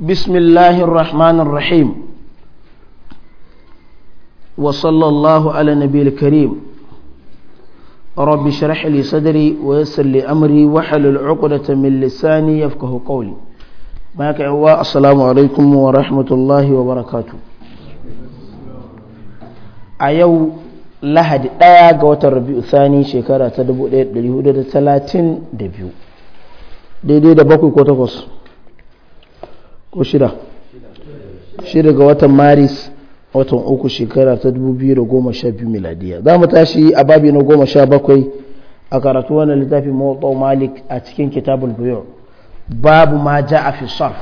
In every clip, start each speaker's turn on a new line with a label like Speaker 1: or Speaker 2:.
Speaker 1: بسم الله الرحمن الرحيم وصلى الله على النبي الكريم رب اشرح لي صدري ويسر لي امري واحلل عقدة من لساني يفقه قولي معك السلام عليكم ورحمة الله وبركاته أيو lahadi ɗaya ga watan rabi'u sani shekara ta 1432 daidai da bakwai ko takwas ko shida shida ga watan maris watan uku shekara ta 2012 miladiya za mu tashi a babi na goma sha bakwai a karatu wannan littafin mawaqaw malik a cikin kitabul biyu babu ma ja'a fi sarf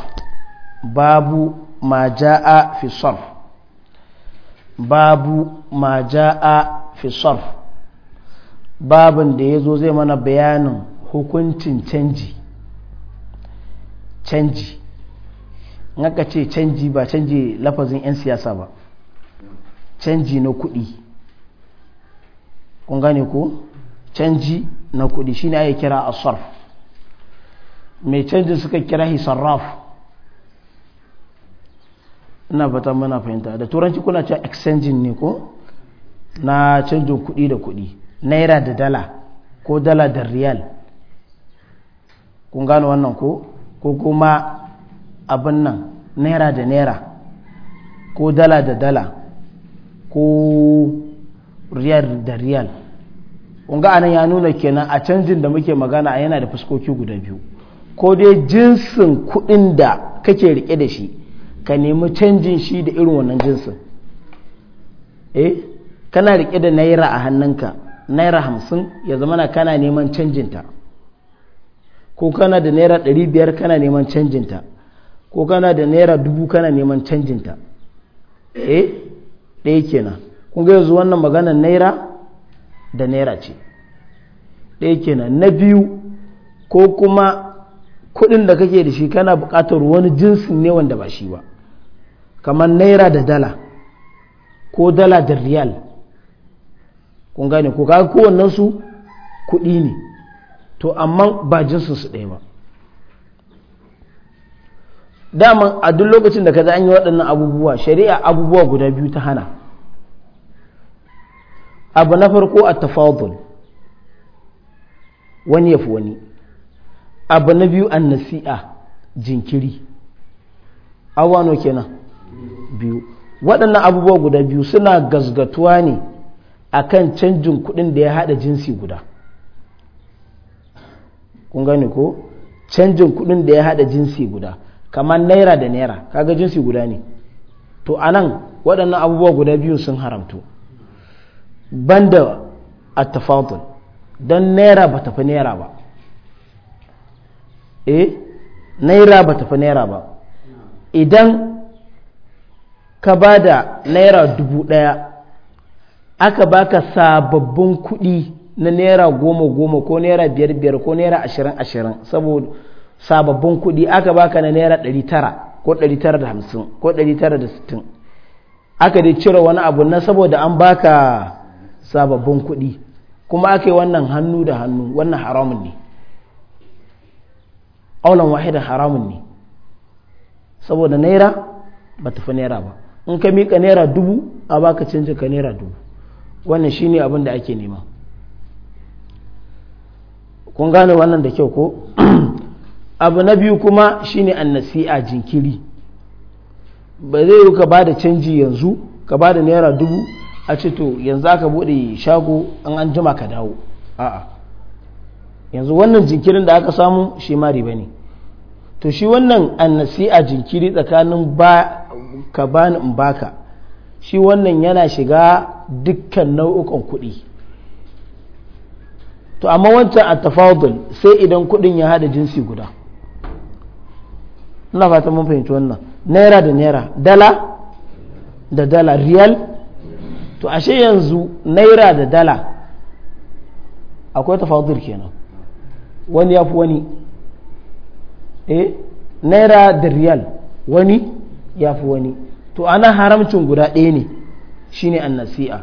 Speaker 1: babu ma a fi sarf babu ma a fi sarf babin da zo zai mana bayanin hukuncin canji canji naka ce canji ba canji lafazin 'yan siyasa ba canji na kuɗi kun gane ko canji na kuɗi shine ake kira asarf mai canji suka kira hisarraf ina fata mana fahimta da turanci kuna cewa exchanging ne ko na canjin kuɗi da kuɗi naira da dala ko dala da riyal kun gane wannan ko ko kuma abin nan naira da naira ko dala da dala ko riyal da riyal unga anan ya nuna kenan a canjin da muke magana yana da fuskoki guda biyu ko dai jinsin kuɗin da kake rike da shi ka nemi canjin shi da irin wannan jinsin eh kana rike da naira a hannunka naira hamsin ya zama na kana neman canjinta ko kana da naira ɗari biyar kana neman canjinta ko kana da naira dubu kana neman canjinta eh ɗaya kenan kun ga yanzu wannan maganar naira da naira ce ɗaya kenan na biyu ko kuma kuɗin da kake da shi kana buƙatar wani jinsin ne wanda ba shi ba kamar naira da dala ko dala da riyal kun gane ko kaga kowannensu kuɗi ne to amma ba jinsin su ɗaya ba dama a duk lokacin da za an yi waɗannan abubuwa shari'a abubuwa guda biyu ta hana abu na farko a tafadul wani ya fi wani abu na biyu an nasi'a jinkiri awano kenan biyu waɗannan abubuwa guda biyu suna gazgatuwa ne akan canjin kuɗin da ya haɗa jinsi guda kun gane ko canjin kuɗin da ya haɗa jinsi guda kamar naira da naira kaga jinsi guda ne to anan waɗannan abubuwa guda biyu sun haramtu banda tafautun don naira ba tafi naira ba eh naira ba tafi naira ba idan ka ba da naira dubu ɗaya aka baka sababbin kuɗi na naira goma goma ko naira biyar biyar ko naira ashirin ashirin saboda sababbin kuɗi aka baka na naira ɗari tara ko ɗari tara da hamsin ko ɗari tara da sittin aka dai cire wani abu na saboda an baka sababbin kuɗi kuma aka yi wannan hannu da hannu wannan haramun ne aulan wahidan haramun ne saboda naira ba tafi naira ba in ka miƙa naira dubu a baka canjin ka naira dubu wannan shine abin da ake nema kun gane wannan da kyau ko abu na biyu kuma shine annasi'a jinkiri ba zai yi ka ba da canji yanzu ka ba da naira dubu a ce to yanzu aka bude shago an an jima ka dawo a'a yanzu wannan jinkirin da aka samu shi ma riba ne to shi wannan annasi'a jinkiri tsakanin ba ka bani in baka shi wannan yana shiga dukkan nau'ukan kuɗi to amma wancan a tafadul sai idan kuɗin ya haɗa jinsi guda ina fata mun fahimci wannan naira da naira dala da dala riyal to ashe yanzu naira da dala akwai tafadir kenan wani ya fi wani eh naira da riyal wani ya fi wani to ana haramcin guda ɗaya ne shine annasi'a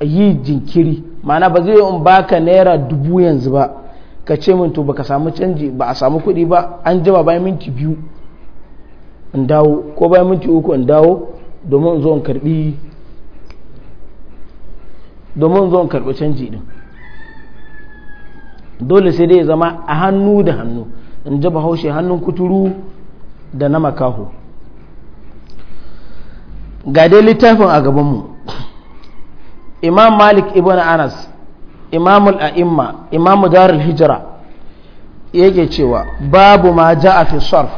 Speaker 1: yi jinkiri ma'ana ba zai yi in baka naira dubu yanzu ba ka ce min to baka samu canji ba a samu kuɗi ba an jima bayan minti biyu in dawo ko bayan minti uku in dawo domin zo in karbi domin zo in karbi canji din dole sai dai zama a hannu da hannu in jaba haushe hannun kuturu da na makaho ga dai littafin a gabanmu imam malik ibn anas Imamu a'imma imamu darul hijira yake cewa babu ma ja a fi sarf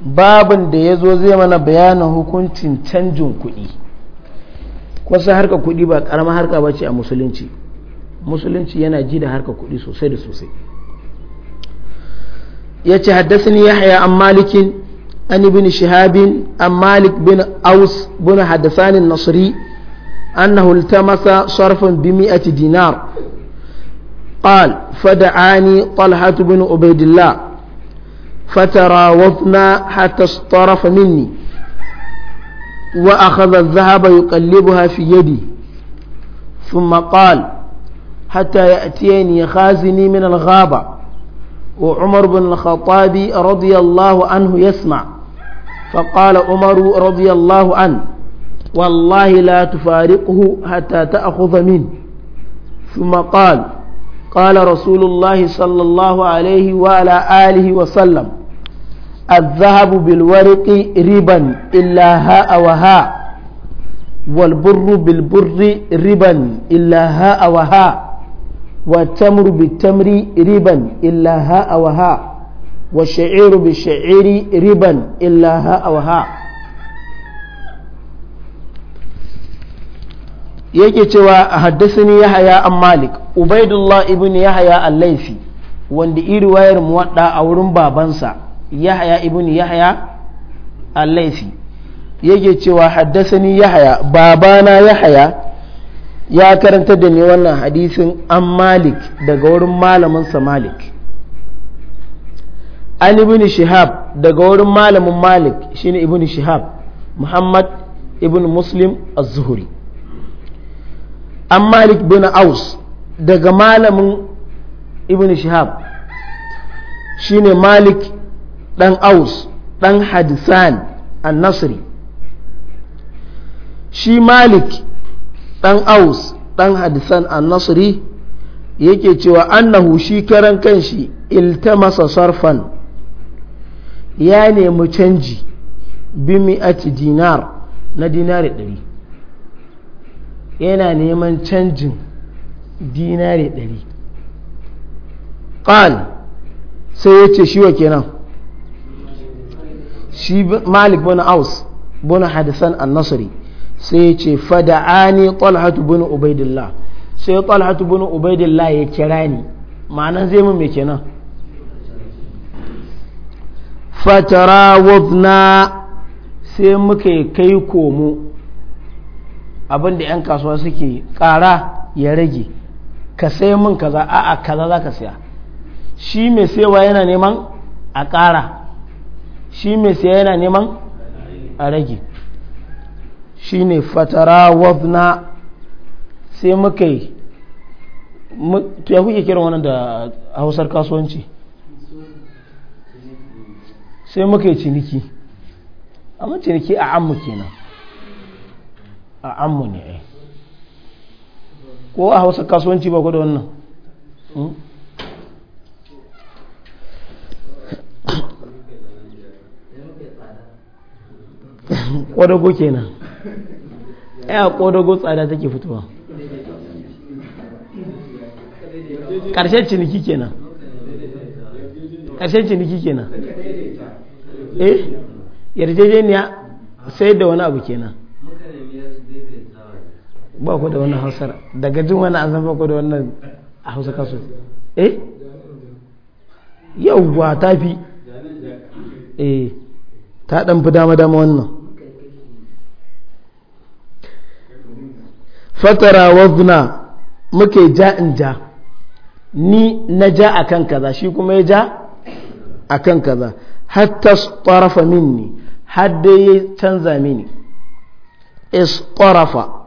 Speaker 1: babin da ya zo zai mana bayanin hukuncin canjin kuɗi wasu harka kuɗi ba ƙarama harka ba ce a musulunci musulunci yana ji da harka kuɗi sosai da sosai ya ce haddasa ya yahya an malikin an bin shahabin an malik bin aus bin ni nasri أنه التمس صرفا بمئة دينار قال فدعاني طلحة بن عبيد الله فتراوضنا حتى اصطرف مني وأخذ الذهب يقلبها في يدي ثم قال حتى يأتيني خازني من الغابة وعمر بن الخطاب رضي الله عنه يسمع فقال عمر رضي الله عنه wallahi la tufariquhu hatta ta'khudha min thumma qala qala rasulullahi sallallahu alaihi wa ala alihi wa sallam الذهب بالورق ربا إلا هاء وهاء والبر بالبر ربا إلا هاء وهاء والتمر بالتمر ربا إلا هاء وهاء والشعير بالشعير ربا إلا هاء وهاء yake cewa a haddasani yahaya an malik ubaidullah ibn yahaya al-laifi wanda iri wayar muwadda a wurin babansa yahaya ibn yahaya al-laifi yake cewa haddasani yahaya babana yahaya ya karanta da ni wannan hadisin an malik daga wurin malaminsa malik an ibn shihab daga wurin malamin malik shine ibn shihab muhammad ibn muslim az-zuhri an malik bin aus daga malamin ibn shihab shine malik dan aus dan hadisan an-nasri shi malik dan aus dan hadisan an-nasri yake cewa annahu shi karan kanshi iltamasa sarfan ya nemi canji bimi a dinar na dinari ɗari yana neman canjin dinare ɗari ƙal sai ya ce shiwa kenan shi malik bin aus bin hadisan an-nasri sai ya ce fada'ani talhatu bin ubaidillah sai talhatu bin ubaidillah ya kira ni ma'anan zai mun mai kenan fatara wadna sai muka yi kai komo abin da 'yan kasuwa suke kara ya rage ka sai min kaza a kaza za ka siya shi mai saiwa yana neman a kara shi mai siya yana neman a rage shi ne fatara wabna sai muka yi ya kuke kiran wannan da hausar kasuwanci sai muka yi ciniki amma ciniki a amma kenan a ammu ne ai eh. ko a hausa kasuwanci ba da wannan ƙwadago hmm? kenan ya ƙwadago tsada take fitowa ƙarshen ciniki kenan ƙarshen ciniki kenan eh yarjejeniya sai da wani abu kenan
Speaker 2: ba ku da wannan hausar
Speaker 1: daga jin wani an ba ku da wannan a hausa kasu eh yau ba ta fi eh ta dan fi dama dama wannan fatara wazna muke ja in ja ni na ja akan kaza shi kuma ya ja akan kaza hatta tsarafa minni har dai ya canza mini istarafa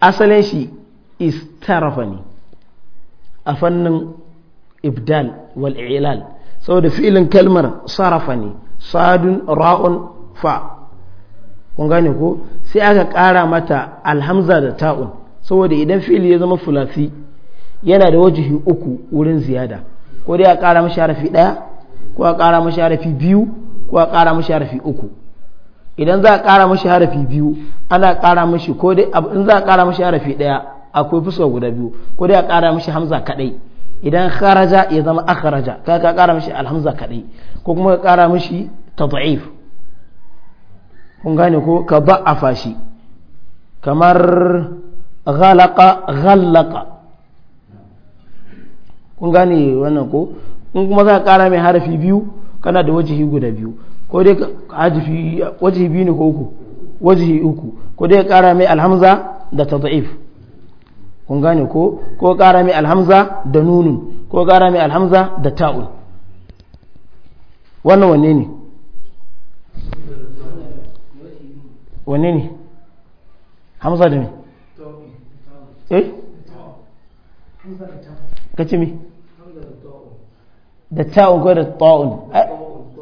Speaker 1: asalin shi istarafa ne a fannin ibdal wal ilal saboda filin kalmar sarafa ne sadun ra'un fa kun gane ko sai aka ƙara mata alhamza da ta'un saboda idan fili ya zama fulasi yana da wajihi uku wurin ziyada ko dai a kara masharafi ɗaya ko a ƙara masharafi biyu ko a ƙara masharafi uku idan za a ƙara mashi harafi biyu ana ƙara mashi ko dai in za a ƙara mashi harafi ɗaya akwai fuska guda biyu ko dai a ƙara mashi hamza kaɗai idan kharaja ya zama akharaja ka ka ƙara mashi alhamza kaɗai ko kuma ka ƙara mashi tad'if kun gane ko ka ba'afa shi kamar ghalaqa ghallaqa kun gane wannan ko in kuma za a ƙara mai harafi biyu kana da wajihi guda biyu ko dai ka hajjifi wajihi biyu ne ko uku wajihi uku ko dai kara mai alhamza da tad'if kun gane ko ko kara mai alhamza da nunun ko kara mai alhamza da ta'un wannan wanne ne wanne ne hamza da me eh kace me da ta'un ko da ta'un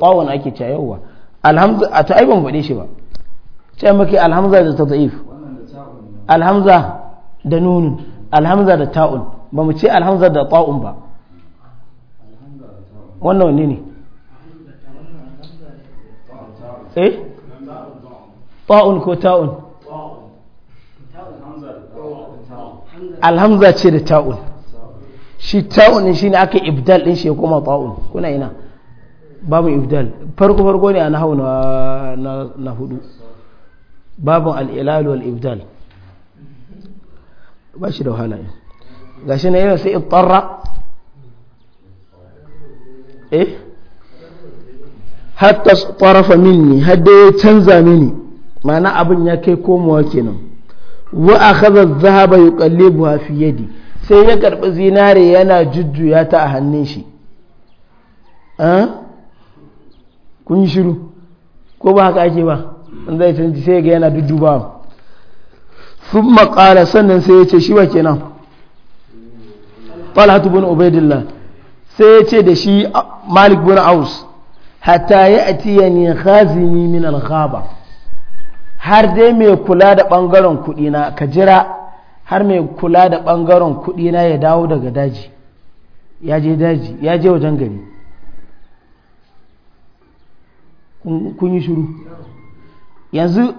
Speaker 1: tawon ake cewa yawa Alhamdu. a ta aiban faɗe shi ba ce maki alhamza da ta tad'if alhamza da nunun alhamza da ta'un ba mu ce alhamza da ta'un ba wannan wani ne eh ta'un ko ta'un alhamza ce da ta'un shi ta'un shi ne aka ibdal din shi ya koma ta'un kuna ina babu ibdal farko farko ne a nahawu na na hudu babu al-ilal wal ibdal ba shi da wahala gashi ne yana sai ittarra eh hatta tarafa minni hadda ya canza mini mana abin ya kai komowa kenan wa akhadha adh-dhahaba yuqallibuha fi yadi sai ya karbi zinare yana jujjuya ta a hannun shi eh kun yi shiru ko ba haka ake ba an zai canji sai ga yana dudduba sun makala sannan sai ya ce shi wa kenan talhatu bin ubaidillah sai ya ce da shi malik bin aus hatta ya atiya ne khazini min al har dai mai kula da bangaren kudi na ka jira har mai kula da bangaren kudi na ya dawo daga daji ya je daji ya je wajen gari kun yi shiru yanzu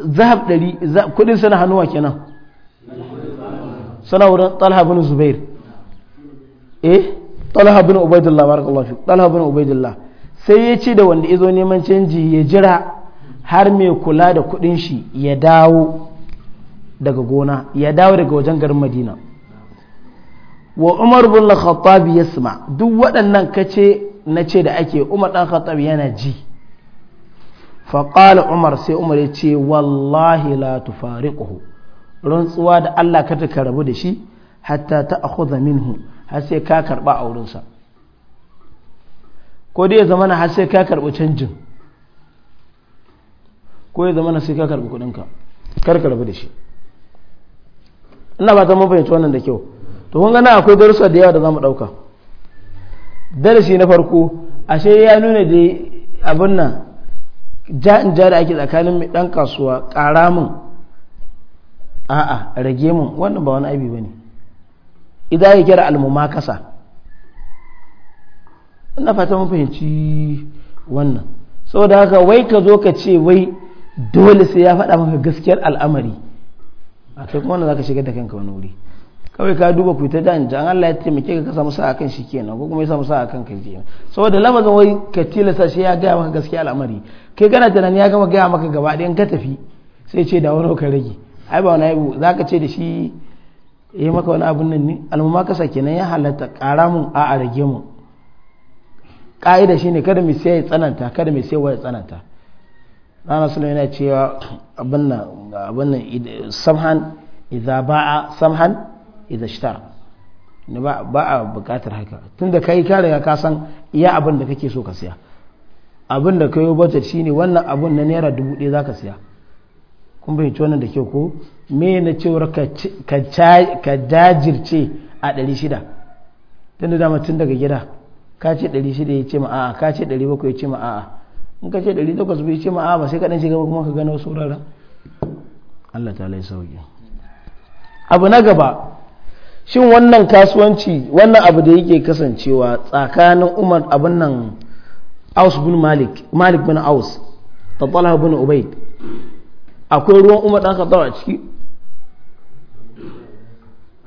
Speaker 1: zahab ɗari kudin sana hannuwa kenan sana wurin talha bin zubair eh talha bin ubaidullah barakallahu fi talha bin ubaidullah sai ya ce da wanda izo neman canji ya jira har mai kula da kudin shi ya dawo daga gona ya dawo daga wajen garin madina wa umar bin khattab yasma duk waɗannan kace na ce da ake umar ɗan khattab yana ji faƙala umar sai umar ya ce wallahi la tufariquhu rantsuwa da Allah kada ka rabu da shi hatta ta akhudha minhu har sai ka karba wurinsa. ko dai ya zama na har sai ka karbi canjin ko ya zama na sai ka karbi kudinka kar ka rabu da shi ina ba ta mun fahimci wannan da kyau to kun ga akwai darussa da yawa da zamu dauka darasi na farko ashe ya nuna da abin nan ja'in ja da ake tsakanin mai dan kasuwa ƙara min a'a rage min wannan ba wani abi ba ne idan ya kira almuma kasa ina fata mun fahimci wannan saboda haka wai ka zo ka ce wai dole sai ya faɗa maka gaskiyar al'amari a kai kuma wanda za ka shiga da kanka wani wuri kawai ka duba ku ta danja an Allah ya ce ka ka samu sa'a kan shi kenan ko kuma ya samu sa'a kan kai kenan saboda lafazin wai ka tilasta shi ya gaya maka gaskiya al'amari kai kana tunani ya gama gaya maka gaba ɗayan ka tafi sai ce da wani ka rage ai ba wani za ka ce da shi ya eh, yi maka wani abun nan ne almuma kasa kenan ya halatta ƙara mun a a rage mu ƙa'ida shi ne kada mai sai tsananta kada mai sai ya tsananta rana suna yana cewa abin nan samhan idza ba'a samhan idza ishtara ba ba a bukatar haka tunda kai ka riga ka san iya abin da kake so ka siya abin da kai budget shine wannan abun na naira dubu ɗaya zaka siya kun bai wannan da kyau ko me na cewar ka jajirce a ɗari shida tunda dama tun daga gida ka ce ɗari shida ya ce ma a'a ka ce ɗari bakwai ya ce ma a'a in ka ce ɗari takwas bai ce ma a'a ba sai ka ɗan shiga kuma ka gano sauraron Allah ta lai sauki abu na gaba shin wannan kasuwanci wannan abu da yake kasancewa tsakanin umar abin nan aus bin malik malik bin aus da talha bin ubaid akwai ruwan umar ɗan kaddawa a ciki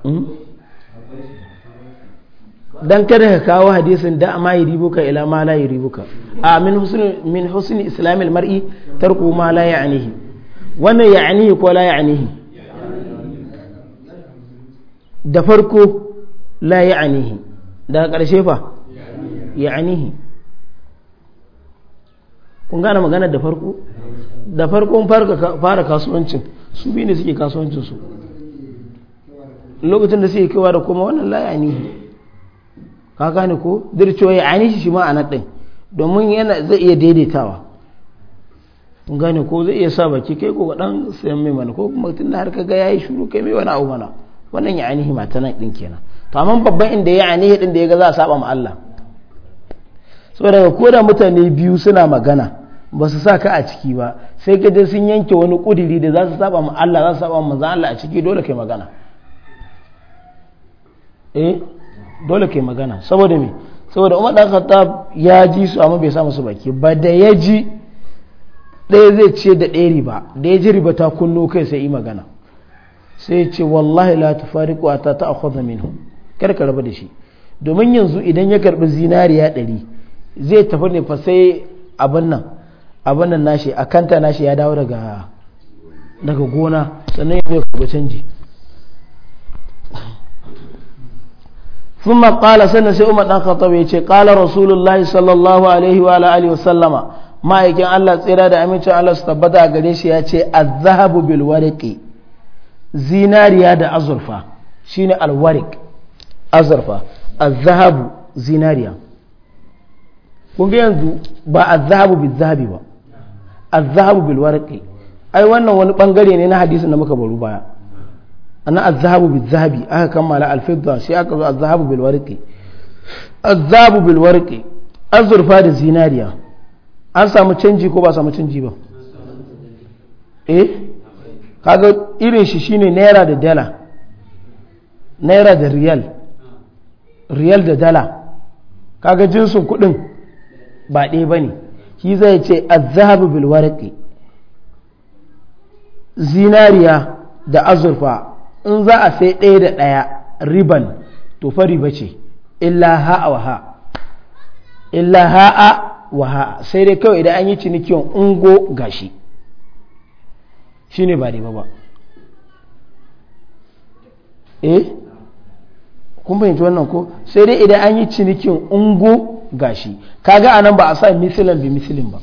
Speaker 1: hmm? dan kada ka kawo hadisin da ma yi ribuka ila ma la yi ribuka a min husni min husni islamil mar'i tarku ma la ya'nihi wannan ya'nihi ko la ya'nihi da farko la anihi daga ƙarshe fa ya anihi kun gane magana da farko da farkon fara kasuwancin su biyu ne suke kasuwancinsu lokacin da suke kewa da kuma wannan la anihi ka gane ko ya anihi shi ma a naɗin domin yana zai iya daidaitawa kun gane ko zai iya sa baki kai ko ɗan sayan mai mana ko kuma tun da har ka ga yi shuru kai mai wani abu mana wannan ya ainihi mata nan din kenan to amma babban inda ya ainihi din da ya ga za a saba ma Allah saboda ko da mutane biyu suna magana ba su sa ka a ciki ba sai ka sun yanke wani kudiri da za su saba ma Allah za su saba ma manzon Allah a ciki dole kai magana eh dole kai magana saboda me saboda Umar dan Khattab ya ji su amma bai sa musu baki ba da ya ji ɗaya zai ce da ɗaya riba da ya ji riba ta kunno kai sai yi magana sai ya ce wallahi la ta fari tufariqu ta ta'khudha minhu hu karka raba da shi domin yanzu idan ya karbi zinariya ɗari zai tafi ne fa sai abin nan abin nan nashi akanta nashi ya dawo daga daga gona sannan ya zai karbi canji ثم قال سنة سيوم أن خطب قال رسول الله صلى الله عليه وعلى آله وسلم ما يكن الله تيرا دا أمين الله استبدا قريش يأتي الذهب بالورقي zinariya da azurfa shine alwarik azurfa azhabu zinariya kun ga yanzu ba azhabu bil zahabi ba azhabu bil warqi ai wannan wani bangare ne na hadisin da muka baro baya ana azhabu bil zahabi aka kammala al fidda sai aka zo azhabu bil warqi azhabu bil warqi azurfa da zinariya an samu canji ko ba samu canji ba eh kaga irin shi shine naira da dala naira da riyal riyal da dala kaga jinsin kudin ba ɗaya ba ne shi zai ce azhabu bil warqi zinariya da azurfa in za a sai ɗaya da ɗaya riban to fa riba ce illa ha'a wa ha'a illa ha'a wa ha'a sai dai kawai idan an yi cinikin ungo gashi shi ne ba riba ba eh kun fahimci wannan ko sai dai idan an yi cinikin ungo gashi kaga anan ba a sa misilan bi misilin ba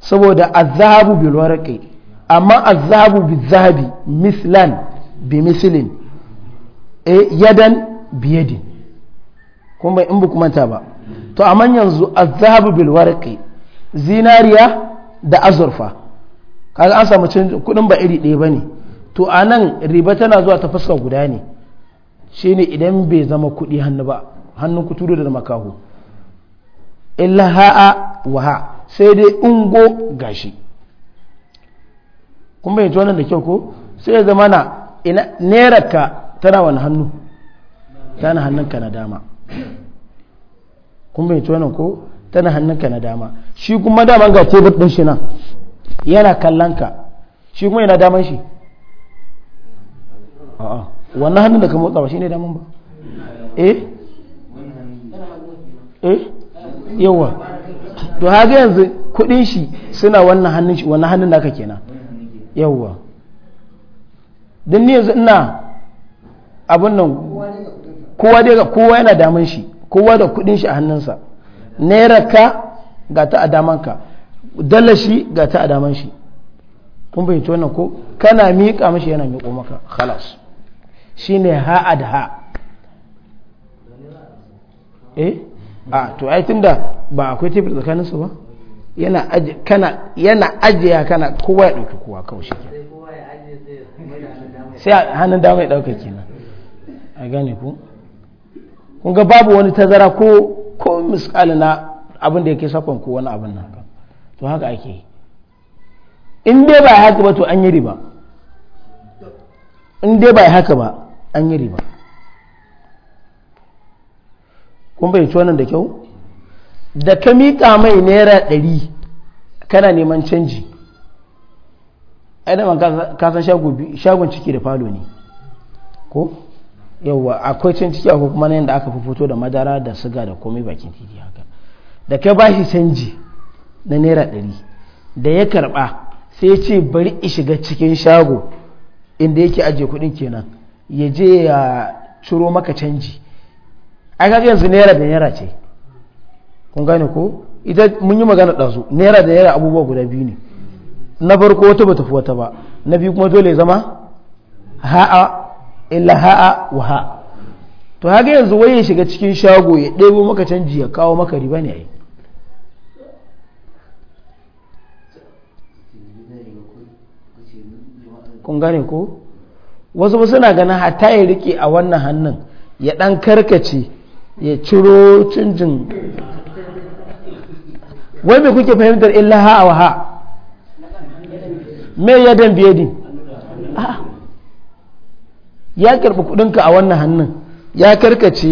Speaker 1: saboda azabu bi warqi amma azabu bi zahabi mislan bi misilin eh yadan bi yadin kun bai in buku manta ba to amma yanzu azabu bil warqi zinariya da azurfa kaga an samu canjin kudin ba iri ɗaya bane to a nan riba tana zuwa ta fuska guda ne shine idan bai zama kuɗi hannu ba hannun tudu da makaho illa ha'a wa ha sai dai ungo gashi kun bai wannan da kyau ko sai ya zama na ina ka tana wani hannu tana hannunka na dama kun bai wannan ko tana hannunka na dama shi kuma daman ga tebur din shi nan yana kallon ka shi kuma yana daman shi a'a wannan hannun da ka motsa ba shi ne daman ba eh eh yawa to haka yanzu kudin shi suna wannan hannun shi wannan hannun naka kenan yawa don ni yanzu ina abin nan
Speaker 2: kowa da kowa yana
Speaker 1: daman shi kowa da kudin shi a hannunsa naira ka ga ta a daman ka dallashi ga ta a daman shi kun fahimci wannan ko kana miƙa mashi yana miƙo maka khalas shine ha'ad ha eh a to ai tunda ba akwai tafi tsakanin su ba yana aje kana yana ya kana kowa ya dauki kowa kawai shi sai hannun dama ya dauka kenan a gane ku kun ga babu wani tazara ko ko misali na abin da yake sakon ko wani abin nan to haka ake yi in dai ba haka ba to an yi riba in dai ba haka ba an yi riba kun bai wannan da kyau da ka mika mai naira ɗari kana neman canji aidaman kasan shagon ciki da falo ne ko yauwa akwai can ciki akwai kuma na yadda aka fi fito da madara da siga da komai bakin titi haka da ka ba shi canji na naira ɗari da ya karɓa sai ce bari i shiga cikin shago inda yake ajiye kuɗin kenan ya je ya ciro maka canji ai kaga yanzu naira da naira ce kun gane ko ita mun yi magana ɗazu naira da naira abubuwa guda biyu ne na farko wata bata fi wata ba na biyu kuma dole zama ha'a illa ha'a wa ha'a to haka yanzu wai ya shiga cikin shago ya ɗebo maka canji ya kawo maka riba ne yi kun gane ko wasu suna ganin hata ya rike a wannan hannun ya dan karkace ya ciro cinjin wai me kuke fahimtar illa ha wa ha me yadda biye biyadi ya karbi kudinka a wannan hannun ya karkace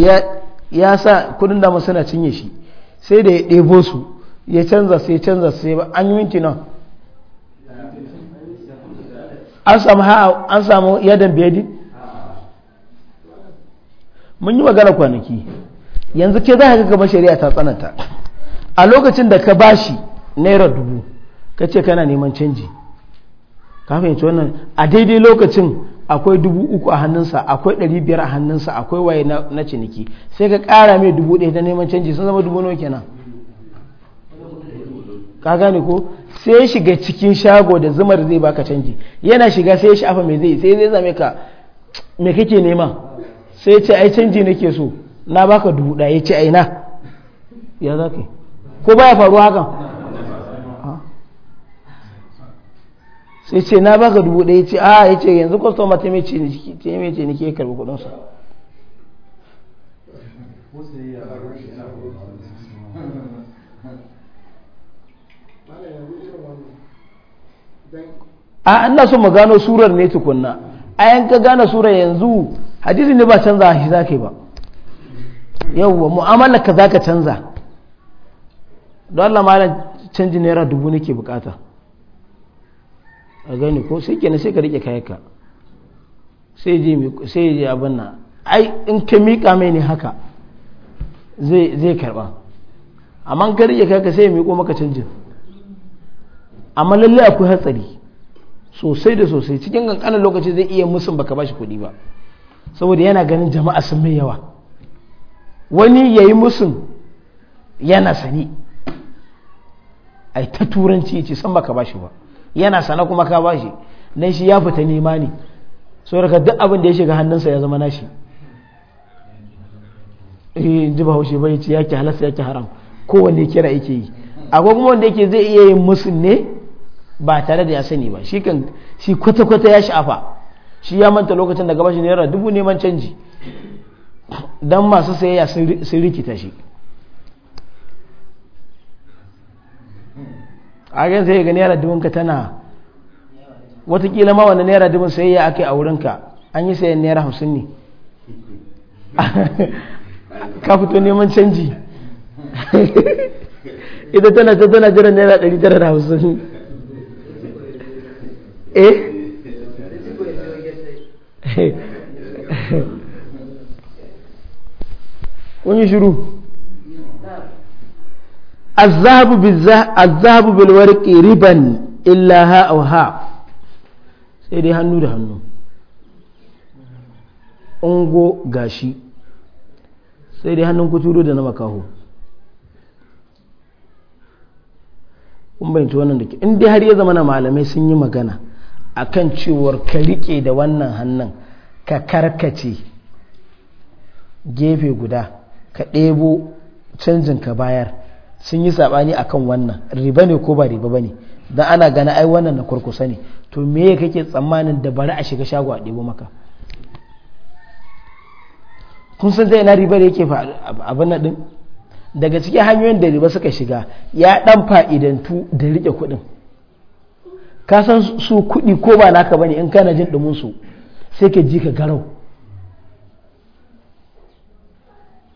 Speaker 1: ya sa kudin da suna cinye shi sai da ya ɗebo su ya canza sai ya canza sai ba an yi minti nan an samu ha'a an samu yadan biyadi mun yi magana kwanaki yanzu ke za ka ga kamar shari'a ta tsananta a lokacin da ka bashi naira dubu ka ce kana neman canji ka fahimci wannan a daidai lokacin akwai dubu uku a hannunsa akwai ɗari biyar a hannunsa akwai waye na ciniki sai ka kara mai dubu ɗaya na neman canji sun zama dubu nawa kenan ka gane ko sai ya shiga cikin shago da zumar zai baka canji yana shiga sai ya shafa mai zai sai zai zame ka mai kake nema sai ce ai canji nake so na baka dubu da ya ce aina ya za ka ko ya faru hakan sai ce na baka dubu da ya ce a ah, ya ce yanzu kwastoma ta mece ni ke karbi kudinsa a ina so mu gano surar ne tukunna a yanka gane surar yanzu hadisi ne ba canza shi zake ba yawwa mu'amala ka zaka canza don Allah malam canji naira dubu nake bukata a gani ko sai kenan sai ka rike kayanka sai je sai je abin nan ai in ka mika mai ne haka zai zai karba amma ka rike kayanka sai ya miko maka canjin amma lalle akwai hatsari sosai da sosai cikin kankanin lokaci zai iya musun baka bashi kuɗi ba saboda yana ganin jama'a sun mai yawa wani ya yi musun yana sani ai ta turanci ce san baka bashi ba yana sana kuma ka bashi nan shi ya fita nema ne saboda duk abin da ya shiga hannunsa ya zama nashi eh ji bahaushe bai ce yake halasta yake haram kowanne kira yake yi akwai kuma wanda yake zai iya yin musun ne ba tare da ya sani ba shi kan shi kwata-kwata ya sha'afa shi ya manta lokacin da gabashin naira dubu neman canji don masu sayayya sun rikita shi a gan sai ga naira dubun ka tana watakila ma wani naira dubun sayayya ake a wurinka an yi sayan naira hamsin ne ka fito neman canji ita tana ta tana jiran naira ɗari tara da hamsin eh kun yi shiru azabu bilwarki riban illa ha au ha sai dai hannu da hannu ungo gashi sai dai hannun kuturu da na makaho kun bayanci wannan da ke in dai har ya zama na malamai sun yi magana a kan cewar ka rike da wannan hannun ka karkace gefe guda ka ɗebo canjin ka bayar sun yi saɓani akan wannan riba ne ko ba riba ba ne don ana gana ai wannan na kurkusa ne to me ya kake tsammanin da bari a shiga shago a ɗebo maka kun san zai na riba da yake abin na ɗin daga cikin hanyoyin da riba suka shiga ya ɗan fa'idantu da riƙe kuɗin ka san su kuɗi ko ba naka bane in kana jin ɗumin su sai ka ji ka garau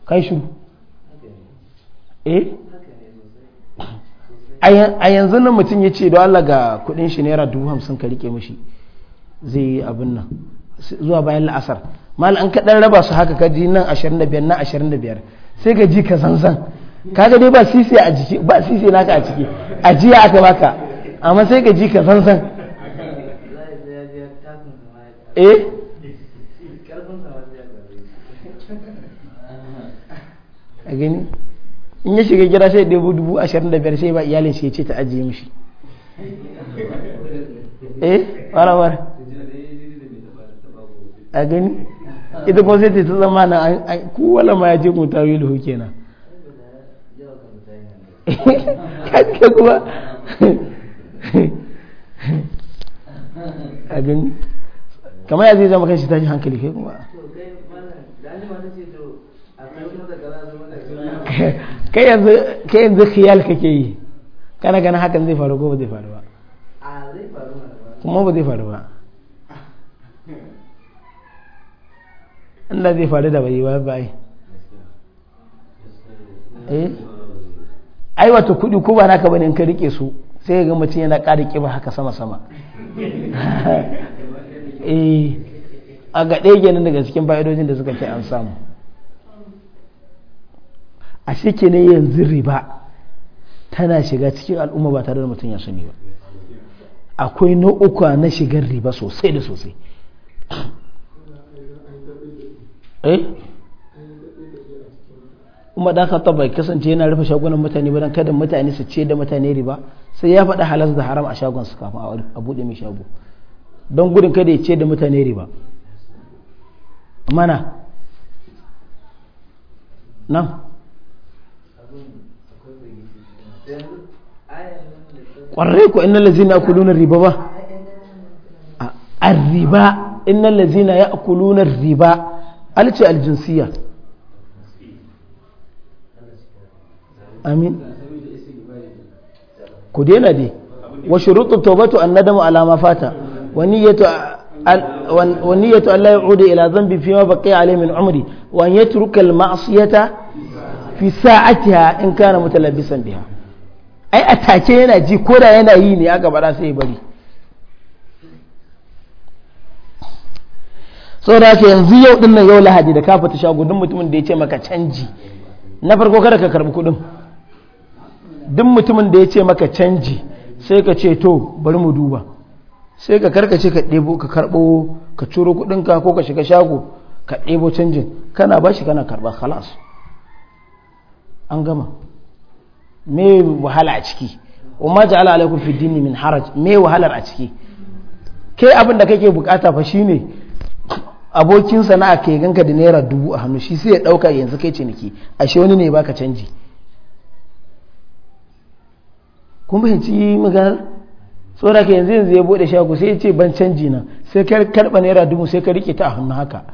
Speaker 1: kai shi eh a yanzu nan mutum ya ce don Allah ga kuɗin shi naira dubu hamsin ka rike mashi zai yi abin nan zuwa bayan la'asar mal an kaɗan raba su haka ka ji nan 25 na 25 sai ka ji ka zanzan kaga dai ba sisi a jiki ba sisi naka a ciki ajiya aka baka amma sai ka ji ka san san eh a gani in ya shiga gida sai dubu dubu ashirin da biyar sai ba iyalin shi ce ta ajiye mishi eh warawar a gani ita kuma sai ta zama na kowala ma ya je mutu wilu kenan kuma abin kamar ya zai zama kai shi tashi hankali kai kuma kai yanzu kai yanzu khiyal kake yi kana gana hakan zai faru ko ba zai faru ba kuma ba zai faru ba inda zai faru da bai ba bai eh ai wato kudi ko ba naka bane in ka rike su sai ga mutum yana ƙara ƙiba haka sama-sama eh, a ga ɗaya daga cikin fa'idojin da suka ke an samu a shi ne yanzu riba tana shiga cikin al'umma ba tare da mutum ya sani ba akwai nau'uka na shigar riba sosai da sosai eh? umar dan khattab bai kasance yana rufe shagunan mutane ba dan kada mutane su ce da mutane riba sai ya faɗa halas da haram a shagon su kafin a buɗe mai shago don gudun kada ya ce da mutane riba mana nan ƙwarai ko inna lazina ya na riba ba a riba inna lazina ya kuluna riba alce aljinsiyya amin ku daina dai wa shurutu tawbatu an nadamu ala ma fata wa niyyatu wa niyyatu an la yu'uda ila dhanbi fi ma baqiya alayhi umri wa an yatruka al ma'siyata fi sa'atiha in kana mutalabbisan biha ai atake yana ji ko da yana yi ne aka bada sai ya bari da haka yanzu yau dinnan yau lahadi da ka fita shago duk mutumin da ya ce maka canji na farko kada ka karbi kudin duk mutumin da ya ce maka canji sai ka ce to bari mu duba sai ka karkace ka ɗebo ka karɓo ka ciro kuɗinka ko ka shiga shago ka ɗebo canjin kana ba shi kana karɓa halas an gama me wahala a ciki ji ja'ala alaikum fi dini min haraj me wahalar a ciki kai abin da kake bukata fa shine abokin sana'a ke ganka da naira dubu a hannu shi sai ya ɗauka yanzu kai ciniki ashe wani ne baka canji kun ci maganar tsora ka yanzu yanzu ya bude shago sai ya ce ban canji na sai ka karba naira dubu sai ka rike ta a hannu haka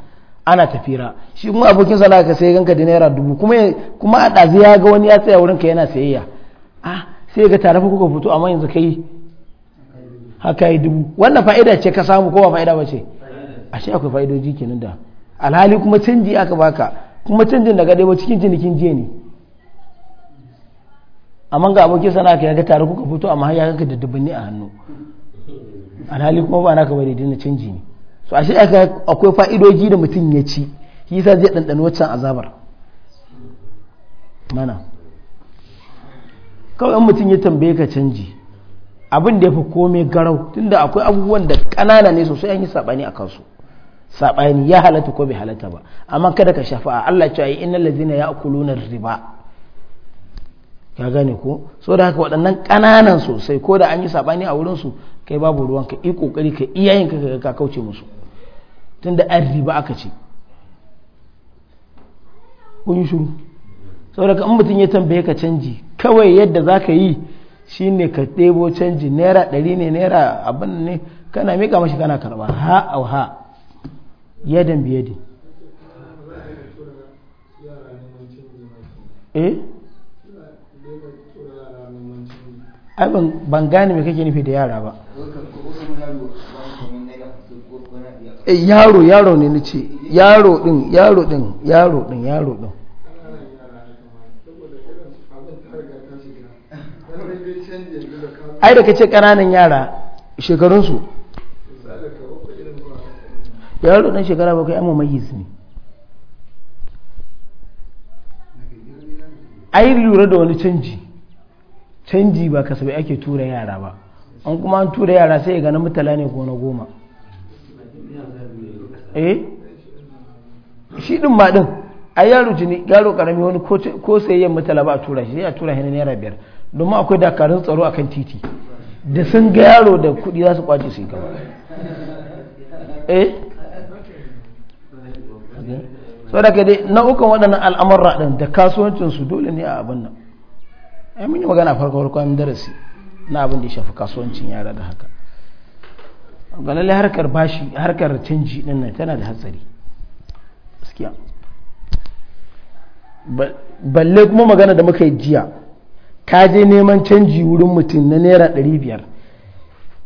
Speaker 1: ana tafira shi kuma abokin sana ka sai ganka da naira dubu kuma kuma a ɗazu ya ga wani ya tsaya wurin ka yana sayayya ah sai ga tarafa kuka fito amma yanzu kai haka yi dubu wannan fa'ida ce ka samu ko ba fa'ida ba ce shi akwai fa'idoji kenan da alhali kuma canji aka baka kuma canjin daga dai ba cikin cinikin jiya ne amma ga abokin sana ka yaga tare kuka fito amma ya ga da dubanni a hannu alhali kuma ba naka bane dinna canji ne so ashe akwai fa'idoji da mutum ya ci shi yasa zai dandana waccan azabar mana kawai mutum ya tambaye ka canji abin da ya fi komai garau tunda akwai abubuwan da kanana ne sosai an yi sabani a kansu saɓani ya halatta ko bai halatta ba amma kada ka shafa Allah cewa innal ladzina ya'kuluna riba ka gane ko so da haka waɗannan ƙananan sosai ko da an yi saɓani a wurinsu kai babu ruwan ka yi ƙoƙari ka iya yin ka ka kauce musu tun da an riba aka ce kun yi shuru saboda in mutum ya tambaye ka canji kawai yadda za ka yi shi ne ka ɗebo canji naira ɗari ne naira abin ne kana miƙa mashi kana karɓa ha au ha yadan biyadin eh ban gane me kake nufi da yara ba eh, yaro yaro ne na ce, yaro din yaro din yaro din yaro din ai da kace kananan yara shekarun su yaro dan shekara bakwai amma su ne ai lura da wani canji canji ba kasabe ake tura yara ba an kuma an tura yara sai ga na mutala ne ko na goma eh shi din ma din ai yaro jini yaro karami wani ko sai yan mutala ba a tura shi sai a tura shi naira biyar domin akwai dakarun tsaro akan titi da sun ga yaro da kudi za su kwace su gaba eh saboda kai dai nau'ukan waɗannan al'amurra ɗin da kasuwancinsu dole ne a abin nan ai mun yi magana farko an darasi na abin da ya shafi kasuwancin yara da haka ga harkar bashi harkar canji din nan tana da hatsari gaskiya balle kuma magana da muka yi jiya ka je neman canji wurin mutum na naira 500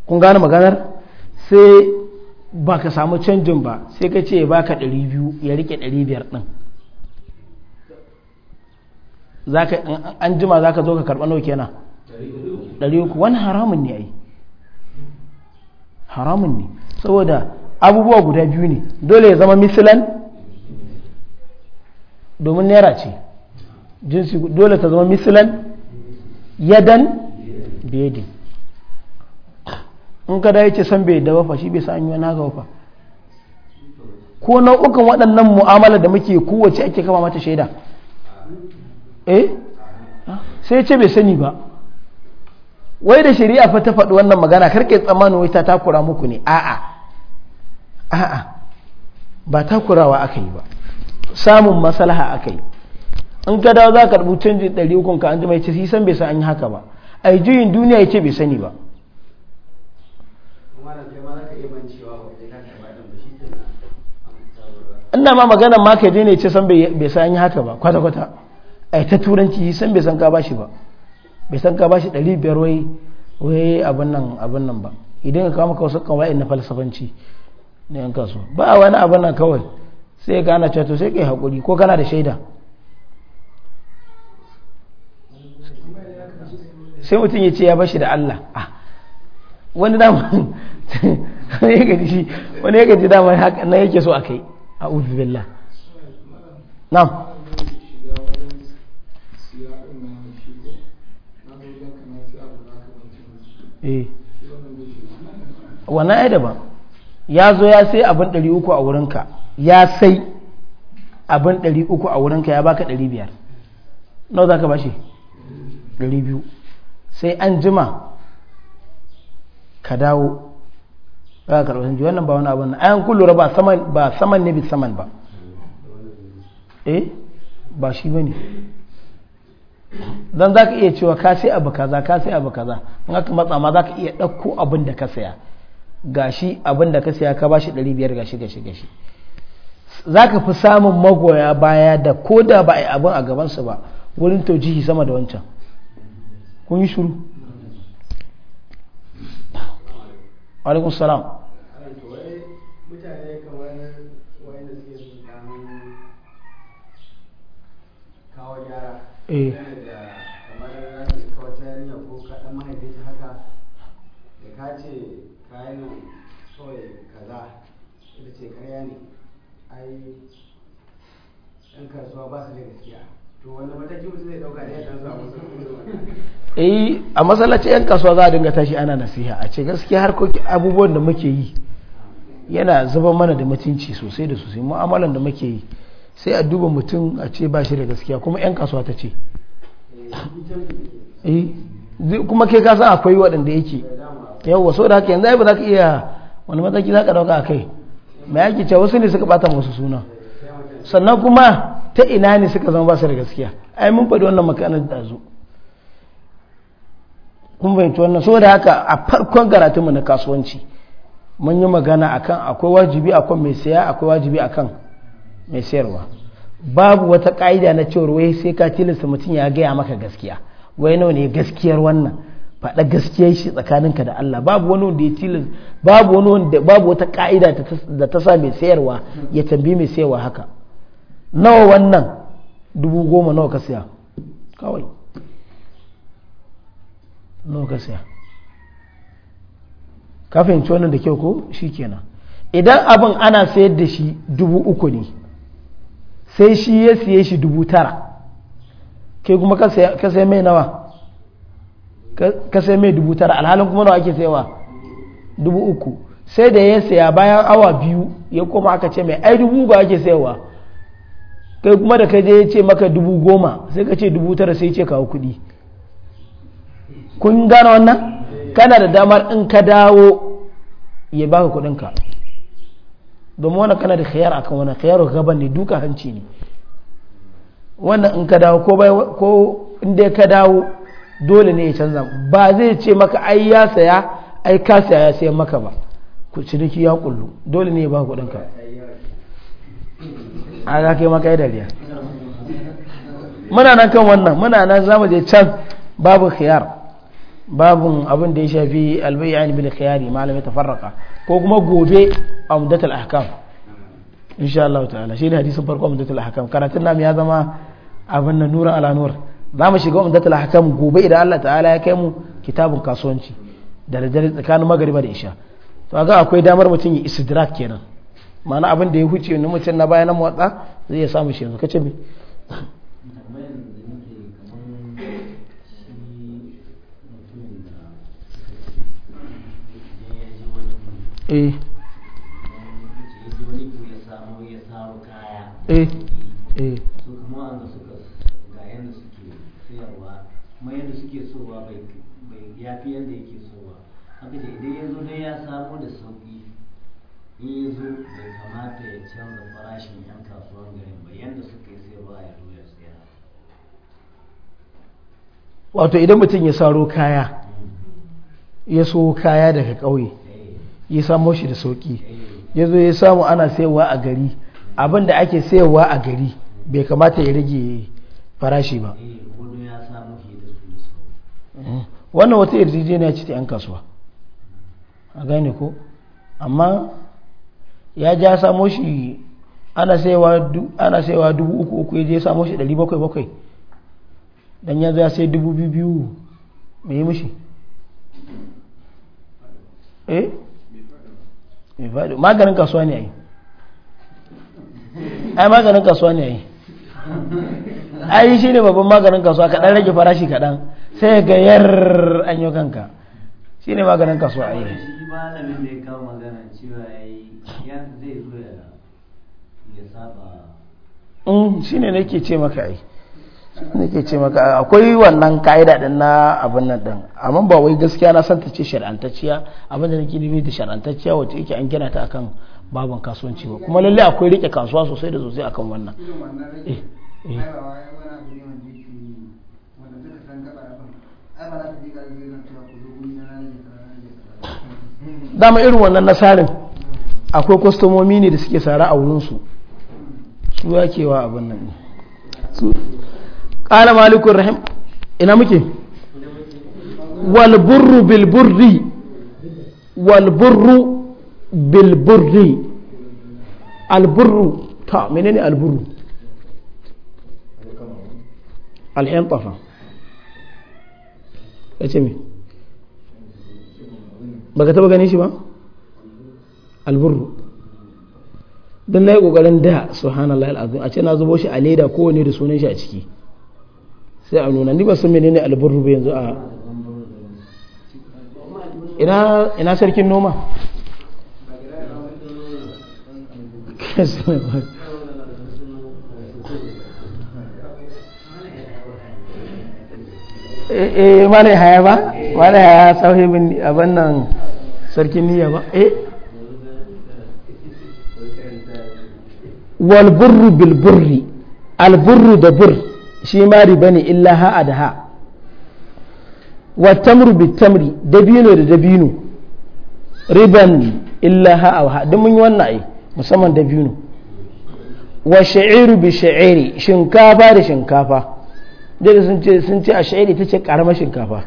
Speaker 1: kun gane maganar sai ba ka samu canjin ba sai ka ce ba ka 200 ya rike 500 din an jima ka zo ka nauke na ɗari uku wani haramun ne yi haramun ne saboda abubuwa guda biyu ne dole ya zama misilan domin naira ce jinsi dole ta zama misilan yadan biyadi in ka dai ce san bai da wafa shi bai san yi haka wafa ko nau'ukan waɗannan mu'amala da muke kowace ake kama mata shaida eh sai ce bai sani ba wai da shari'a fa ta faɗi wannan magana karke tsammanin wai ta takura muku ne a'a a'a ba takurawa aka yi ba samun maslaha aka yi in ka dawo za ka karɓi canji ɗari ukun ka an jima ya ce san bai san an yi haka ba a yi juyin duniya ya ce bai sani ba ina ma magana ma ka je ne ce san bai san an yi haka ba kwata-kwata a ta turanci san bai san ka bashi ba bai san ka bashi biyar wai wai abin nan abin nan ba idan ka kama kawai wa'in na falsafanci ne yan kaso ba wani abin nan kawai sai ka ana cato sai ka yi haƙuri ko kana da shaida sai mutum ya ce ya bashi da Allah ah, wani dama ya gaji shi wani ya gaji dama na yake so a kai a uzu billah na'am Eh. wannan ai daban ya zo ya sai abin 300 a wurinka ya sai abin 300 a wurinka ya baka 500 nawa za ka bashi 200 sai an jima ka dawo za ka karɓar wannan ba wani abin ayan kullura ba saman ne bi saman ba eh ba shi ba ne don za ka iya cewa ka sai abu kaza ka sai abu kaza in aka matsa ma za ka iya ɗauko abin da ka saya gashi abin da ka saya ka bashi ɗari biyar gashi gashi gashi za ka fi samun magoya baya da ko da ba a yi abin a gabansu ba wurin taujihi sama da wancan kun yi shuru alaikun salam kawo gyara eh eh a masallacin yan kasuwa za a dinga tashi ana nasiha a ce gaskiya harkokin abubuwan da muke yi yana zuba mana da mutunci sosai da sosai mu'amalan da muke yi sai a duba mutum a ce ba shi da gaskiya kuma 'yan kasuwa ta ce eh, kuma ke kasa akwai waɗanda yake yawwa so da haka yanzu ba za ka iya wani mataki za ka ɗauka a kai mai yake ce wasu ne suka bata masu suna sannan kuma ta ina ne suka zama ba su da gaskiya ai mun faɗi wannan makanar da zo kun fahimci wannan so da haka a farkon karatunmu na kasuwanci mun yi magana akan akwai wajibi akan mai saya akwai wajibi akan mai sayarwa babu wata ka'ida na cewar wai sai ka tilasta mutum ya gaya maka gaskiya wai nawa ne gaskiyar wannan faɗa gaskiyar shi tsakaninka da Allah babu wani wanda ya tilasta babu wani wanda babu wata ka'ida da ta sa mai sayarwa ya tambi mai sayarwa haka nawa wannan dubu goma nawa ka siya kawai nawa ka siya ka fahimci wannan da kyau ko shi kenan idan abin ana sayar da shi dubu uku ne sai shi ya siye shi dubu tara ke kuma ka sai mai nawa ka sai mai dubu tara alhalin kuma nawa ake saiwa dubu uku sai da ya saya bayan awa biyu ya koma aka ce mai ai dubu ba ake saiwa kai kuma da kai je ya ce maka dubu goma sai ka ce dubu tara sai ce kawo kuɗi kun gane wannan kana da damar in ka dawo ya baka kudinka domin wani kana da khiyar akan wani khiyar gaban ne duka hanci ne wannan in ka dawo ko bai ko in ka dawo dole ne ya canza ba zai ce maka ai ya saya ai ka saya ya sayan maka ba ku ciniki ya kullu dole ne ya ba kuɗin ka a za ka yi maka dariya muna nan kan wannan muna nan zamu je can babu khiyar babu abin da ya shafi albayyani bil khiyari malamai tafarraka ko kuma gobe a umdatul ahkam insha Allah ta'ala shi ne hadisin farko a umdatul ahkam karatun nam ya zama abin nan nura ala nur za mu shiga umdatul ahkam gobe idan Allah ta'ala ya kai mu kitabun kasuwanci da dare tsakanin magariba da isha to ga akwai damar mutum ya istidrak kenan ma'ana abin da ya huce ni mutum na bayanan motsa zai ya samu shi yanzu kace me e. wato idan mutum ya saro kaya ya so kaya daga ƙauye ya samo shi da sauki ya zo ya samu ana sayarwa a gari abin da ake sayarwa a gari bai kamata ya rage farashi ba eh, eh, wannan wata yarjejeniya ce ta 'yan kasuwa a gane ko amma ya ja samo shi ana sayarwa dubu uku uku ya je samo shi dari bakwai bakwai don ya ya sai dubu biyu biyu mai mushi eh maganin kasuwa ne ai ai maganin kasuwa ne ai ai shi ne babban maganin kasuwa kaɗan rage farashi kaɗan sai ga yar an yi kanka shi ne maganin kasuwa ai shi malamin da ya kawo magana cewa ya zai zo ya saba mm, shi ne nake ce maka ai ke ce maka akwai wannan ka'ida din na abin nan din amma ba wai gaskiya na san ta ce shar'antacciya abin da nake nemi da shar'antacciya wacce yake an gina ta akan babin kasuwanci ba kuma lalle akwai rike kasuwa sosai da sosai akan wannan eh eh dama irin wannan nasarin akwai kwastomomi ne da suke sara a wurinsu su kewa abin nan ne qala malikur rahim ina muke wal burru bil burri wal burru bil burri al burru ta menene al burru al hintafa baka taba ganin shi ba alburru don na yi kokarin da subhanallah al'azim a ce na zubo shi a leda kowane da sunan shi a ciki sai a nuna ni ba san menene albirru ba yanzu a ina ina sarkin noma e mana haya ba mana haya sahibin abin nan sarkin niyya ba e wal burru bil burri al burru da burr shi ma riba ne illa ha da ha wa tamru bi tamri dabino da dabino riban illa ha ha duk mun yi wannan ai musamman dabino wa sha'iru bi sha'iri shinkafa da shinkafa dai sun ce sun ce a sha'iri ta ce karamar shinkafa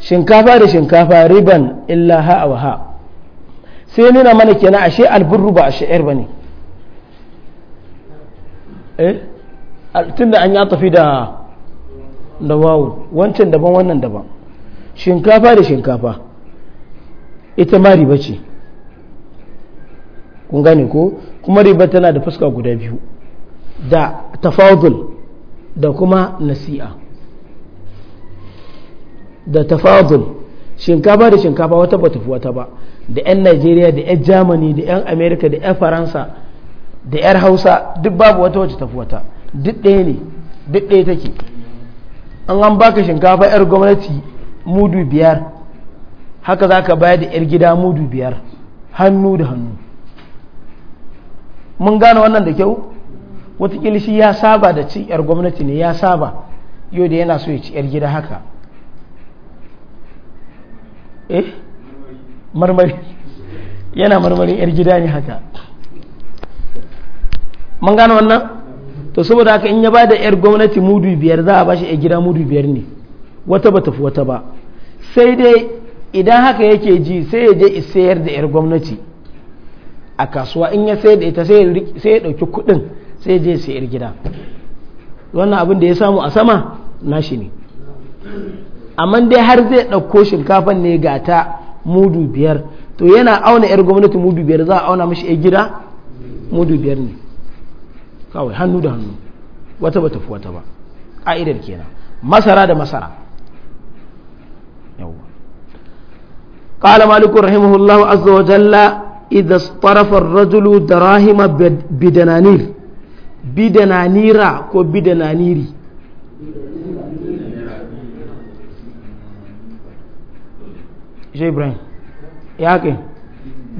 Speaker 1: shinkafa da shinkafa riban illa ha wa ha sai nuna mana kenan ashe albirru ba a sha'ir ba eh Tunda an ya tafi da dawawu. wancan daban wannan daban shinkafa da shinkafa ita ma riba ce kun gane ko kuma riba tana da fuska guda biyu da tafadul da kuma nasi'a da tafadul shinkafa da shinkafa wata ba tafi wata ba da 'yan najeriya da 'yan germany da 'yan america da 'yan faransa da 'yar hausa duk babu wata wacce tafi wata duk ɗaya ne duk ɗaya take an an baka shinkafa 'yar gwamnati mudu biyar haka za ka bayar da 'yar gida mudu biyar hannu da hannu mun gane wannan da kyau watakila shi ya saba da ci 'yar gwamnati ne ya saba yau da yana so ya ci 'yar gida haka eh marmari yana marmari 'yar gida ne haka mun gane wannan to saboda haka in ya ba da 'yar gwamnati mudu biyar za a ba shi a gida mudu biyar ne wata ba tafi wata ba sai dai idan haka yake ji sai ya je sayar da 'yar gwamnati a kasuwa in ya sayar da ita sai ya ɗauki kuɗin sai ya je sayar gida wannan abin da ya samu a sama nashi ne amma dai har zai ɗauko shinkafan ne ga ta mudu biyar to yana auna 'yar gwamnati mudu biyar za a auna mashi 'yar gida mudu biyar ne kawai hannu da hannu wata ba tafi wata ba ƙa'idar kenan masara da masara yawwa قال مالك رحمه الله عز وجل إذا اصطرف الرجل دراهم بدنانير بدنانيرا كو بدنانيري Ibrahim, ya kai,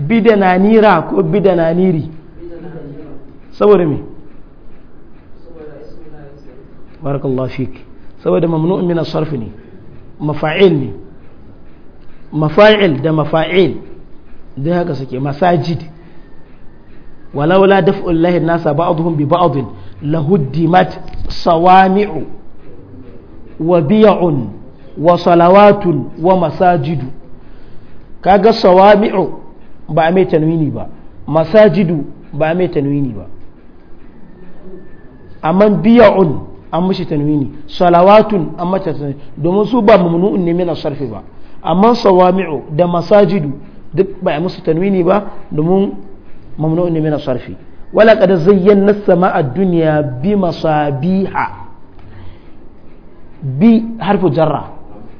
Speaker 1: bidananira ko bidananiri, saboda barakallahu fik saboda mamnu'un min as-sarf ne mafa'il ne mafa'il da mafa'il dai haka suke masajid walaula daf'ul lahi nasa ba'dhum bi ba'd lahuddimat sawami'u wa biya'un wa salawatun wa masajidu kaga sawami'u ba a mai tanwini ba masajidu ba a mai tanwini ba amma biya'un an mishi tanwini salawatun an mata tanwini domin su ba mamnu'un ne mina sarfi ba amma sawami'u da masajidu duk ba a musu tanwini ba domin mamnu'un ne mina sarfi wala qad zayyana as-sama'a ad-dunya bi masabiha bi harfu jarra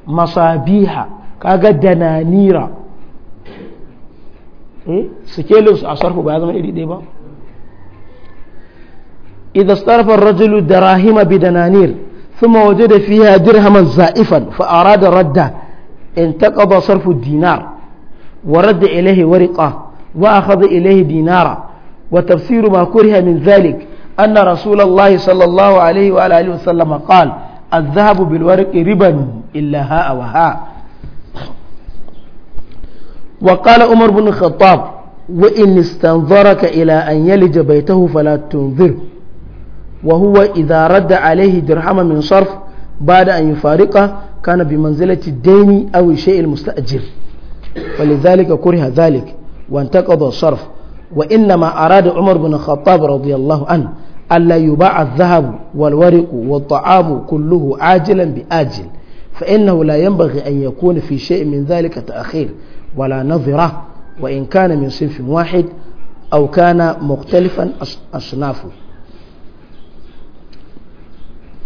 Speaker 1: masabiha kaga dananira eh sikelus a sarfu ba ya zama iri ɗaya ba إذا استرف الرجل دراهم بدنانير ثم وجد فيها درهما زائفا فأراد رده انتقض صرف الدينار ورد إليه ورقة وأخذ إليه دينارا وتفسير ما كره من ذلك أن رسول الله صلى الله عليه وعلى آله وسلم قال الذهب بالورق ربا إلا هاء وهاء وقال عمر بن الخطاب وإن استنظرك إلى أن يلج بيته فلا تنظره وهو إذا رد عليه درهما من صرف بعد أن يفارقه كان بمنزلة الدين أو الشيء المستأجر ولذلك كره ذلك وانتقض الصرف وإنما أراد عمر بن الخطاب رضي الله عنه ألا يباع الذهب والورق والطعام كله عاجلا بآجل فإنه لا ينبغي أن يكون في شيء من ذلك تأخير ولا نظرة وإن كان من صنف واحد أو كان مختلفا أصنافه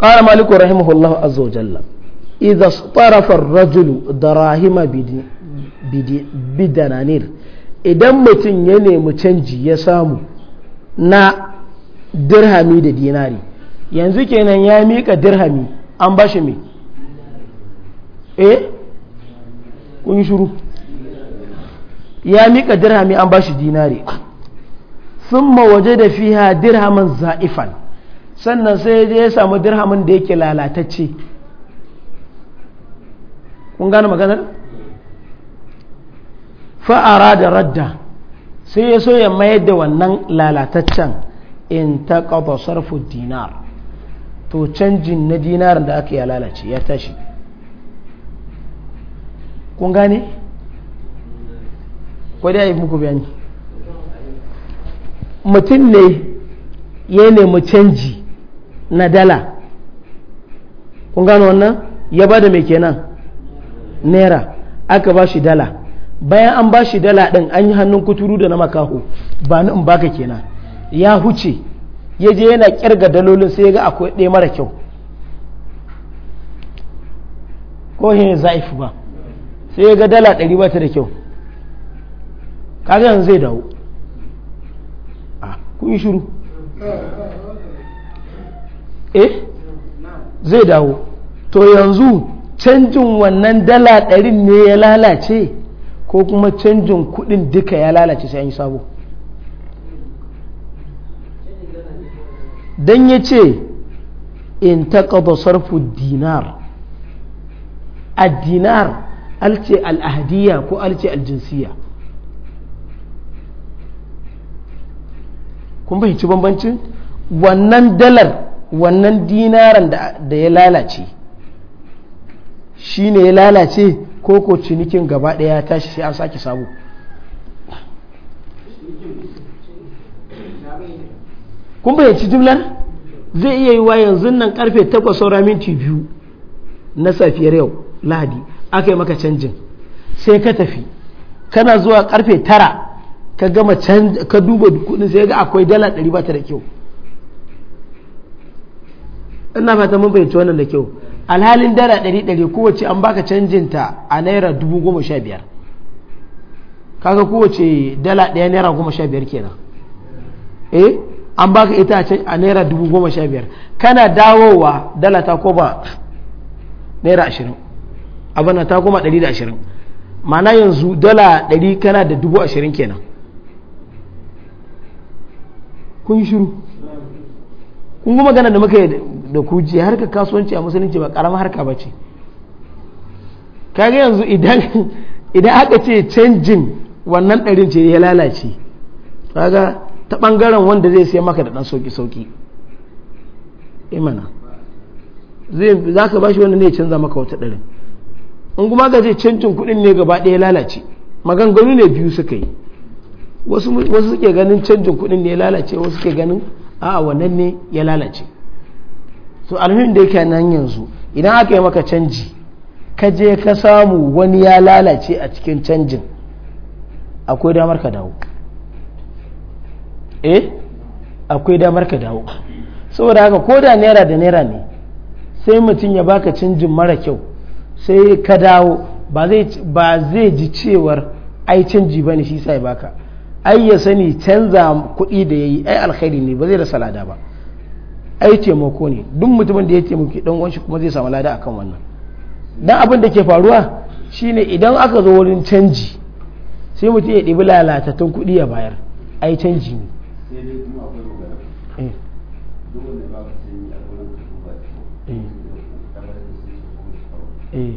Speaker 2: قال مالك رحمه
Speaker 1: الله عز وجل إذا اصطرف الرجل دراهم بدنانير idan mutum ya nemi canji ya samu na dirhami da dinari yanzu kenan ya mika dirhami an ba ya mika dirhami an ba dinari sun waje da fiha dirhaman za'ifan sannan sai je ya samu dirhamin da yake lalatacce kun gane maganar fa'ara da radda sai ya so ya mayar da wannan lalataccen in ta kafa sarfu dinar to canjin na dinar da aka ya lalace ya tashi kun gane? kwadai yi muku bayani mutum ne ya nemi canji na dala kun gano wannan ya ba da mai kenan naira aka ba shi dala bayan an ba shi dala ɗin an yi hannun kuturu da na makaho ba ni in baka kenan ya huce ya je yana kirga dalolin sai ya ga akwai ɗaya mara kyau ko shi ne za'if ba sai ya ga dala ɗari ba ta da kyau kaga yanzu zai dawo ah, kun yi shiru eh zai dawo to yanzu canjin wannan dala ɗari ne ya lalace ko kuma canjin kuɗin duka ya lalace sai an yi sabo don ya ce in taƙaba sarfu dinar a dinar alce al'ahadiyya ko alce aljinsiya kun ci bambancin wannan dalar wannan dinaran da ya lalace shi ne ya lalace ko ko cinikin gaba ɗaya ya tashi sai an sake sabo kun bayyanci jimlar zai iya yi wa yanzu nan karfe 8 saura minti biyu na safiyar yau lahadi aka yi maka canjin sai ka tafi kana zuwa karfe 9 ka gama ka duba kudin sai ga akwai dala 100 ba da kyau ina mata mun bayyanci wannan da kyau alhalin dara ɗari ɗari kowace an baka canjinta a naira dubu goma sha biyar kaga kowace dala ɗaya naira goma sha biyar kenan eh an baka ita a naira dubu goma sha biyar kana dawowa dala ta koma naira ashirin abana ta koma ɗari da ashirin mana yanzu dala ɗari kana da dubu ashirin kenan kun shiru kun kuma magana da muka yi da ku ji harka kasuwanci a musulunci ba karama harka ba ce kaga yanzu idan aka ce canjin wannan ɗarin ce ya lalace kaga ta ɓangaren wanda zai sai maka da ɗan sauki-sauki imana eh za ka bashi wanda ne ya canza maka wata ɗarin in kuma ka ce canjin kuɗin ne gaba ɗaya lalace maganganu ne biyu suka yi wasu suke ganin canjin kuɗin ne ya lalace wasu suke ganin a'a wannan ne ya lalace to alhamdulillah da yake nan yanzu idan aka yi maka canji ka je ka samu wani ya lalace a cikin canjin akwai damar ka dawo eh akwai damar ka dawo saboda haka ko da naira da naira ne sai mutum ya baka canjin mara kyau sai ka dawo ba zai ji cewar ai canji ba ne shi sai baka ai ya sani canza kuɗi da ya yi ai alkhairi ne ba zai rasa lada ba ai taimako ne duk mutumin da ya taimaki dan uwan shi kuma zai samu lada akan wannan dan abin da ke faruwa shine idan aka zo wurin canji sai mutum ya dibi lalatattun kuɗi ya bayar ai canji ne eh. eh.